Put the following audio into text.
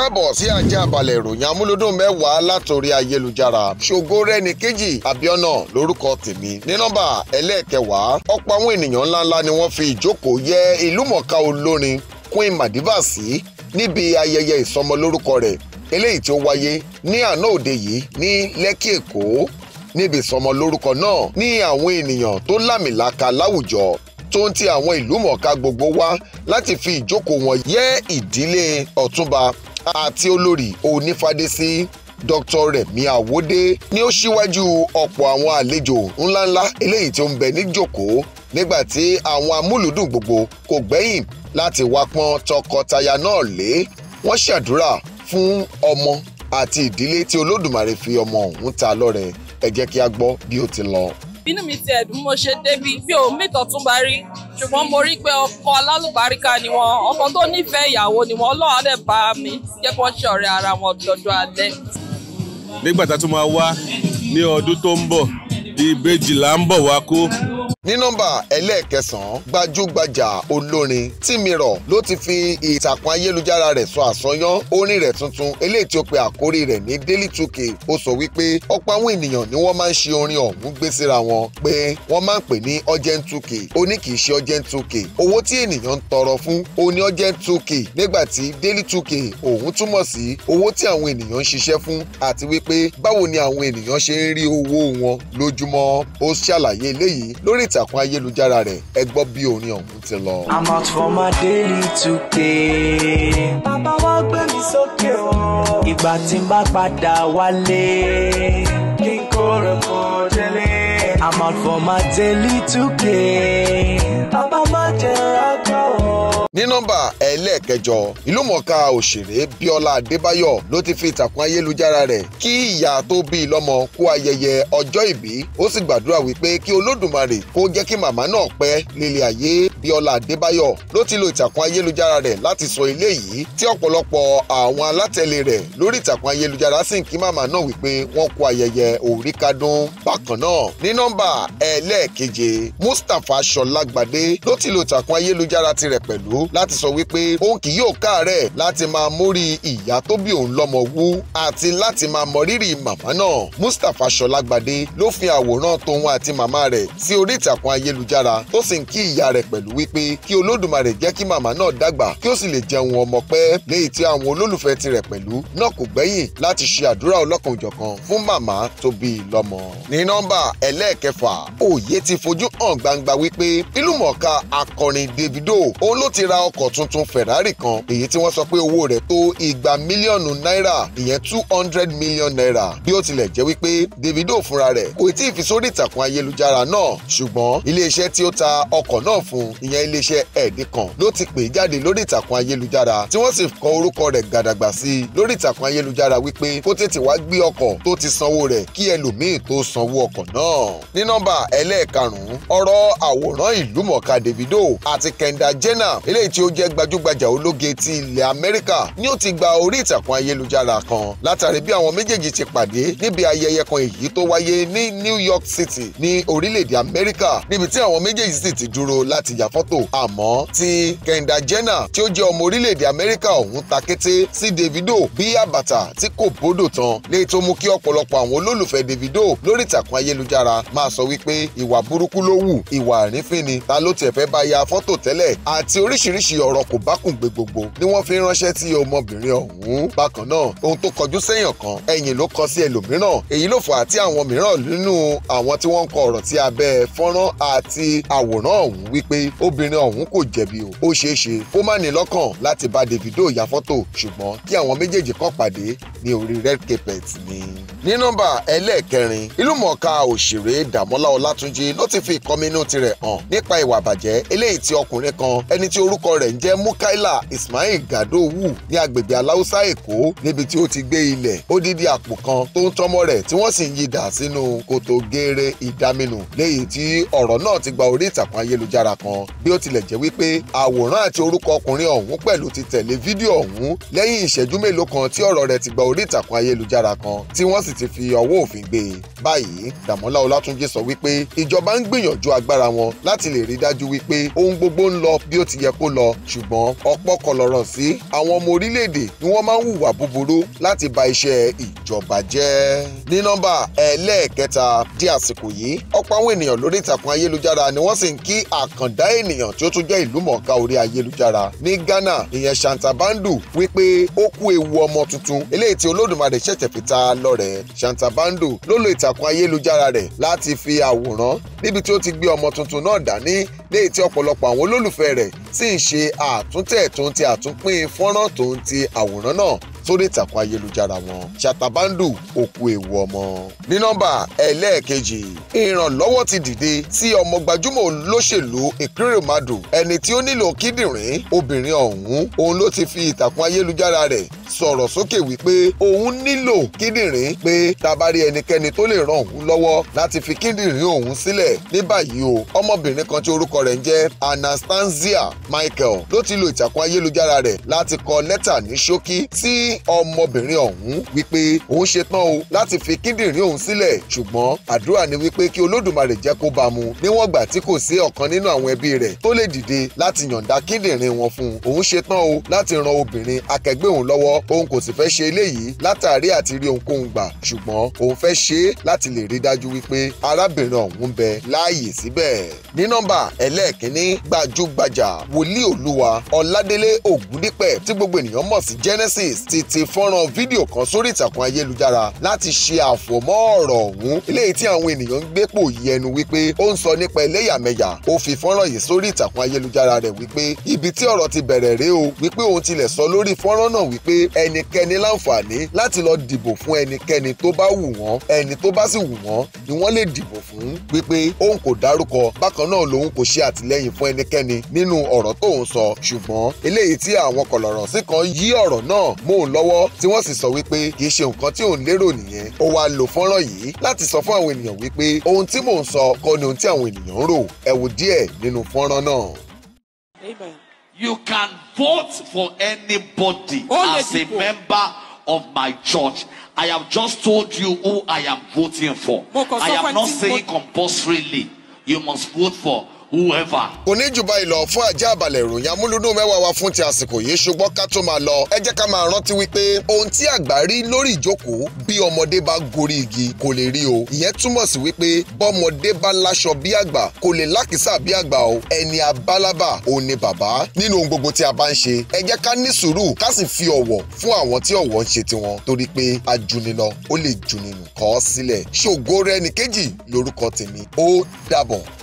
káàbọ̀ sí ajá balẹ̀ ìròyìn amúlódùn mẹ́wàá látòrí ayélujára ṣògo rẹni kejì abiona lórúkọ tèmi ní nọ́mbà ẹlẹ́ẹ̀kẹwàá ọ̀pọ̀ àwọn ènìyàn ńláńlá ni wọ́n fi ìjókòó yẹ ìlúmọ̀ọ́ká olórin Queen Madiva sí níbi ayẹyẹ ìsọmọlórúkọ rẹ̀ eléyìí tí ó wáyé ní àná òde yìí ní Lẹ́kì Èkó níbi ìsọmọlórúkọ náà ní àwọn ènìyàn tó lámìlaka láwùjọ tó ń ti àwọn ìlú mọ̀ọ́ká gbogbo wá láti fi ìjókòó wọn yẹ́ ìdílé ọ̀túnba àti olórí onífàdésí dr rẹ̀mí àwòdé ni ó ṣíwájú ọ̀pọ̀ àwọn àlejò ńláńlá eléyìí tó ń bẹ níjókòó nígbà tí àwọn amúlùdùn gbogbo kò gbẹ́yìn láti wá pọn tọkọtaya náà lé wọ́n ṣàdúrà fún ọmọ àti ìdílé tí olódùmarè fi ọmọ ọ̀hún ta lọ́rẹ ẹ jẹ́ kí a gbọ́ bí ó ti lọ. inú mi ti ẹ̀dùn mo ṣe débi bí òun mìtọ̀ tún bá rí ṣùgbọ́n mo rí pé ọkọ alálùbáríkà ni wọn ọkọ tó nífẹ̀ẹ́ ìyàwó ni wọn Ọlọ́run bá mi jẹ́ kó ara wọn dọjọ́ alẹ́. nígbà tá a tún máa wá ní ọdún tó ń bọ̀ ìbejì là ń bọ̀ wá kó ní nọ́mbà ẹlẹ́ẹ̀kẹsàn-án gbajúgbajà olórin Tìmìrọ̀ ló ti fi ìtàkùn ayélujára rẹ̀ sọ àsọyán orin rẹ̀ tuntun eléyìí tí ó pe àkórí rẹ̀ ní Daily 2K ó sọ wípé ọ̀pọ̀ àwọn ènìyàn ni wọ́n máa ń ṣe orin ọ̀hún gbé síra wọn pé wọ́n máa ń pè ní urgent 2K ó ní kì í ṣe urgent 2 owó tí ènìyàn ń tọrọ fún ó ní urgent 2 nígbà tí Daily 2K òun túmọ̀ sí owó tí àwọn ènìyàn ń ṣiṣẹ́ fún àti wípé báwo ni àwọn ènìyàn ṣe ń rí owó wọn lójúmọ́ ó ṣàlàyé eléyìí lórí ìtàkùn ayélujára rẹ̀ ẹ gbọ́ bí orin ọ̀hún ti lọ. I'm out for my daily to pay. bàbá wa gbé mi sókè o. ìgbà tí n bá padà wálé. kí n kó rẹ̀ kó délé. I'm out for my daily to pay ní nọ́mbà ẹlẹ́ẹ̀kẹjọ ìlúmọ̀ọ́ká òṣèré Bíọ́lá Adébáyọ̀ ló ti fi ìtàkùn ayélujára rẹ̀ kí ìyá tó bí i lọ́mọ kú ayẹyẹ ọjọ́ ìbí ó sì gbàdúrà wípé kí Olódùmarè kó jẹ́ kí màmá náà pẹ́ lílé ayé Bíọ́lá Adébáyọ̀ ló ti lo ìtàkùn ayélujára rẹ̀ láti sọ eléyìí tí ọ̀pọ̀lọpọ̀ àwọn alátẹ̀lé rẹ̀ lórí ìtàkùn ayélujára sì ń kí màmá náà wípé wọ́n kú ayẹyẹ òríkádún bákan náà ní láti sọ wípé òun kì yóò káàárẹ̀ láti máa mórí ìyá tó bí òun lọ́mọ wú àti láti máa mọrírì màmá náà Mustapha Ṣọlágbadé ló fi àwòrán tòun àti màmá rẹ̀ sí orí ìtàkùn ayélujára tó sì ń kí ìyá rẹ̀ pẹ̀lú wípé kí Olódùmarè jẹ́ kí màmá náà dàgbà kí ó sì lè jẹun ọmọ pẹ́ léyìí tí àwọn olólùfẹ́ tirẹ̀ pẹ̀lú náà kò gbẹ́yìn láti ṣe àdúrà ọlọ́kan òjọ̀kan fún màmá tó bí i lọ́mọ. ní nọ́mbà ẹlẹ́ẹ̀kẹfà òye ti fojú hàn gbangba wípé ìlúmọ̀ọ́ká akọrin Davido òun ló ti ra ọkọ̀ tuntun Ferrari kan èyí tí wọ́n sọ pé owó rẹ̀ tó igba mílíọ̀nù náírà ìyẹn two hundred million naira bí ó tilẹ̀ jẹ́ wípé Davido fúnra rẹ̀ kò tí ì fi sórí ìtàkùn ayélujára náà ṣùgbọ́n iléeṣẹ́ tí ó ta ọkọ̀ náà fún ìyẹn iléeṣẹ́ ẹ̀ẹ́dìkan ló ti pè jáde lórí ìtàkùn ayélujára tí wọ́n sì kọ orúkọ rẹ̀ gàdàgbà sí i lórí ìtàkùn ayélujára wípé kó tètè wá gbé ọkọ̀ tó ti sanwó rẹ̀ kí ẹlòmíì tó sanwó ọkọ̀ náà. ní nọ́mbà ẹlẹ́ẹ̀karùn-ún ọ̀rọ̀ àwòrán ìlúmọ̀ọ́ká Davido àti Kenda Jenner eléyìí tí ó jẹ́ gbajúgbajà ológe ti ilẹ̀ Amẹ́ríkà ni ó ti gba orí ìtàkùn ayélujára kan látàrí bí àwọn méjèèjì ti pàdé níbi ayẹyẹ kan èyí tó wáyé ní New York City ní orílẹ̀-èdè Amẹ́ríkà níbi tí àwọn méjèèjì sì ti dúró láti yà fọ́tò àmọ́ ti Kendall Jenner tí ó jẹ́ ọmọ orílẹ̀-èdè Amẹ́ríkà ọ̀hún ta kété sí Davido bí àbàtà tí kò bódò tán léyìí tó mú kí ọ̀pọ̀lọpọ̀ àwọn olólùfẹ́ Davido lórí ìtàkùn ayélujára máa sọ wípé ìwà burúkú ló wù ìwà àrífín ni ta ló tiẹ̀ fẹ́ bá ya fọ́tò tẹ́lẹ̀ àti oríṣi oríṣiríṣi ọ̀rọ̀ kò bá kùn gbé gbogbo ni wọ́n fi ránṣẹ́ tí ọmọbìnrin ọ̀hún bákan náà ohun tó kọjú sẹ́yìn kan ẹ̀yìn ló kọ sí ẹlòmíràn èyí ló fà á tí àwọn mìíràn nínú àwọn tí wọ́n ń kọ ọ̀rọ̀ tí abẹ́ fọ́nrán àti àwòrán ọ̀hún wípé obìnrin ọ̀hún kò jẹ̀bi o ó ṣeé ṣe kó má ní lọ́kàn láti bá Davido ya fọ́tò ṣùgbọ́n kí àwọn méjèèjì kàn pàdé ní orí red carpet ni. ní nọ́mbà ẹlẹ́ẹ̀kẹrin ìlúmọ̀ọ́ká òṣèré Dàmọ́lá Ọlátúnjí ló ti fi ìkọminú tirẹ̀ hàn nípa ìwà àbàjẹ́ eléyìí tí ọkùnrin kan ẹni tí orúkọ orúkọ rẹ̀ ń jẹ́ Mukaila Ismail Gadowu ní agbègbè aláùsá Èkó níbi tí ó ti gbé ilẹ̀ odidi àpò kan tó ń tọ́mọ́ rẹ̀ tí wọ́n sì ń yidà sínú kòtò geere ìdáminù léyìí tí ọ̀rọ̀ náà ti gba orí ìtàkùn ayélujára kan bí ó tilẹ̀ jẹ́ wípé àwòrán àti orúkọ ọkùnrin ọ̀hún pẹ̀lú ti tẹ̀lé fídíò ọ̀hún lẹ́yìn ìṣẹ́jú mélòó kan tí ọ̀rọ̀ rẹ̀ ti gba orí ìtàkùn ayélujára kan tí wọ́n sì ti fi ọwọ́ òfin gbé e báyìí Dàmọ́lá Ọlátúnjí sọ wípé ìjọba ń gbìyànjú agbára wọn láti lè rí dájú wípé ohun gbogbo ń lọ bí ó ti yẹ kó lọ ṣùgbọ́n ọ̀pọ̀ kọlọ̀rọ̀ sí àwọn ọmọ orílẹ̀-èdè ni wọ́n máa ń hùwà búburú láti ba iṣẹ́ ìjọba jẹ́. ní nọ́mbà ẹlẹ́ẹ̀kẹta di àsìkò yìí ọ̀pọ̀ àwọn ènìyàn lórí ìtàkùn ayélujára ni wọ́n sì ń kí àkàndá ènìyàn tí ó tún jẹ́ ìlúmọ̀ọ́ká orí ayélujára ní Ghana ìyẹn Shanta Bandu wípé ó kú ewu ọmọ tuntun eléyìí tí Olódùmarè ṣẹ̀ṣẹ̀ fi ta lọ́rẹ̀ Shanta Bandu ló lo ìtàkùn ayélujára rẹ̀ láti fi àwòrán níbi tí ó ti gbé ọmọ tuntun náà dání léyìí tí ọ̀pọ̀lọpọ̀ àwọn olólùfẹ́ rẹ̀ sì ń ṣe àtúntẹ̀ tó ń ti àtúnpín fọ́nrán tó ń ti àwòrán náà sórí ìtàkùn ayélujára wọn ṣàtàbándù òkú èèwọ̀ ọmọ. ní nọ́mbà ẹlẹ́ẹ̀kejì ìrànlọ́wọ́ ti dìde sí ọmọ gbajúmọ̀ olóṣèlú Ikirimadù ẹni tí ó nílò kíndìnrín obìnrin ọ̀hún òun ló ti fi ìtàkùn ayélujára rẹ̀ sọ̀rọ̀ sókè wípé òun nílò kíndìnrín pé tabari ẹnikẹ́ni tó lè ràn òun lọ́wọ́ láti fi kíndìnrín òun sílẹ̀ ní báyìí o ọmọbìnrin kan tí orúkọ rẹ̀ ń jẹ́ Anastasia Michael ló ti lo ìtàkùn ayélujára rẹ̀ láti kọ lẹ́tà ní ṣókí sí ọmọbìnrin ọ̀hún wípé òun ṣetán o láti fi kíndìnrín òun sílẹ̀ ṣùgbọ́n àdúrà ni wípé kí olódùmarè jẹ́ kó bá mu níwọ̀n gbà tí kò sí ọ̀kan nínú àwọn ẹbí rẹ̀ tó lè dìde láti yọ̀ǹda kíndìnrín wọn fún un òun ṣetán o láti ran obìnrin akẹgbẹ́ òun lọ́wọ́ òun kò sì fẹ́ ṣe eléyìí látàrí àti rí ohunkóhun gbà ṣùgbọ́n òun fẹ́ ṣe é láti lè rí dájú wípé arábìnrin ọ̀hún ń bẹ láàyè síbẹ̀ ní nọ́mbà ẹlẹ́ẹ̀kínní gbajúgbajà wòlíì olúwa ọládélé ògúndípẹ̀ tí gbogbo ènìyàn mọ̀ sí Genesis ti àti fọ́nrán fídíò kan sórí ìtàkùn ayélujára láti ṣe àfọ̀mọ́ ọ̀rọ̀ ọ̀hún eléyìí tí àwọn ènìyàn ń gbépò yí ẹnu wípé ó ń sọ nípa ẹlẹ́yàmẹ̀yà ó fi fọ́nrán yìí sórí ìtàkùn ayélujára rẹ̀ wípé ibi tí ọ̀rọ̀ ti bẹ̀rẹ̀ rèé o wípé òun tilẹ̀ sọ lórí fọ́nrán náà wípé ẹnikẹ́ni láǹfààní láti lọ dìbò fún ẹnikẹ́ni tó bá wù wọ́n ẹni tó bá sì wù wọ́n ni wọ́n lè dìbò fún wípé òun kò dárúkọ bákan náà lòun kò ṣe àtìlẹ́yìn fún ẹnikẹ́ni nínú ọ̀rọ̀ tóun sọ ṣùgbọ́n eléyìí tí àwọn kọ̀lọ̀rọ̀ sí kan yí ọ̀rọ̀ náà mò ń lọ́wọ́ tí wọ́n sì sọ wípé kì í ṣe nǹkan tí òun lérò nìyẹn ó wá lo fọ́nrán yìí láti sọ fún àwọn ènìyàn wípé ohun tí mò ń sọ kọ́ ni ohun tí àwọn ènìyàn ń rò ẹ díẹ̀ nínú fọ́nrán náà. You can vote for anybody as a member of my church. I have just told you who I am voting for. I am not saying compulsorily you must vote for whoever. kò ní jù báyìí lọ fún ajá àbàlẹ̀ ìròyìn amúlùdùn mẹ́wàá wa fún ti àsìkò yìí ṣùgbọ́n ká tó máa lọ ẹ jẹ́ ká máa rántí wípé ohun tí àgbà rí lórí ìjókòó bí ọmọdé bá gorí igi kò lè rí o ìyẹn túmọ̀ sí wípé bọ́mọdé bá láṣọ bí àgbà kò lè lákìsà bí àgbà o ẹni abálábà òun ni bàbá nínú ohun gbogbo tí a bá ń ṣe ẹ jẹ́ ká ní sùúrù ká sì fi ọ̀wọ̀ fún àwọn tí ọ̀wọ̀ ń ṣe tiwọn torí pé ajunilọ ó lè juninù kọ́ sílẹ̀ ṣògo rẹ̀ ní kejì tèmi ó dàbọ̀.